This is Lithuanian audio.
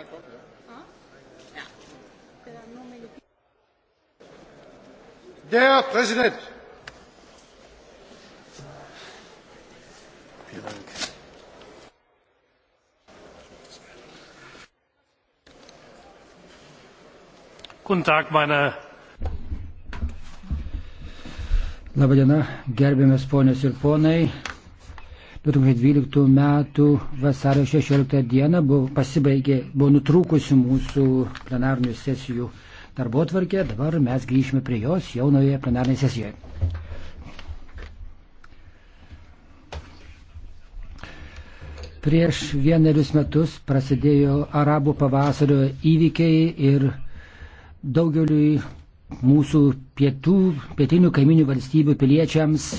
Sta il copio? Ah? Ja. Però non me lo Der Präsident! Vielen Dank. Guten Tag, meine Labadiena, gerbiamas ponios ir ponai. 2012 m. vasario 16 d. buvo pasibaigė, buvo nutrūkusi mūsų plenarnių sesijų darbo tvarkė, dabar mes grįžime prie jos jaunoje plenarnėje sesijoje. Prieš vienerius metus prasidėjo arabų pavasario įvykiai ir daugeliui mūsų pietų, pietinių kaiminių valstybių piliečiams